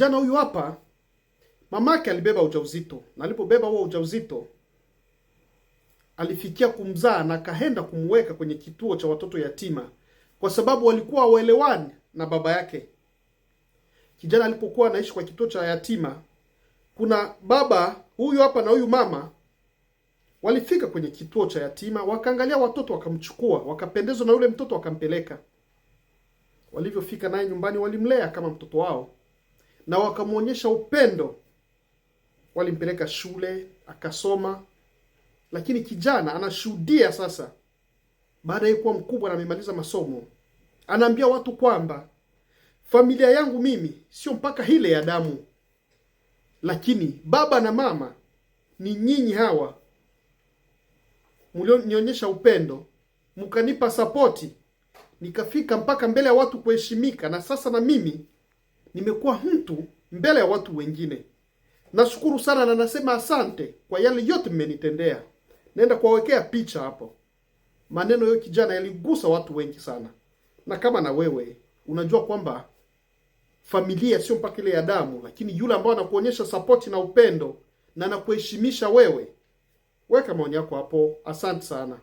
Jana huyu hapa mamake alibeba ujauzito na alipobeba huo ujauzito alifikia kumzaa na akaenda kumweka kwenye kituo cha watoto yatima, kwa sababu walikuwa hawaelewani na baba yake. Kijana alipokuwa anaishi kwa kituo cha yatima, kuna baba huyu hapa na huyu mama walifika kwenye kituo cha yatima, wakaangalia watoto, wakamchukua, wakapendezwa na yule mtoto, wakampeleka. Walivyofika naye nyumbani, walimlea kama mtoto wao na wakamwonyesha upendo. Walimpeleka shule akasoma, lakini kijana anashuhudia sasa, baada ya kuwa mkubwa na amemaliza masomo, anaambia watu kwamba familia yangu mimi sio mpaka hile ya damu, lakini baba na mama ni nyinyi hawa mlionionyesha upendo, mkanipa sapoti, nikafika mpaka mbele ya watu kuheshimika, na sasa na mimi nimekuwa mtu mbele ya watu wengine. Nashukuru sana na nasema asante kwa yale yote mmenitendea. Naenda kuwawekea picha hapo. Maneno yo kijana yaligusa watu wengi sana, na kama na wewe unajua kwamba familia sio mpaka ile ya damu, lakini yule ambaye anakuonyesha sapoti na upendo na nakuheshimisha wewe, weka maoni yako hapo. Asante sana.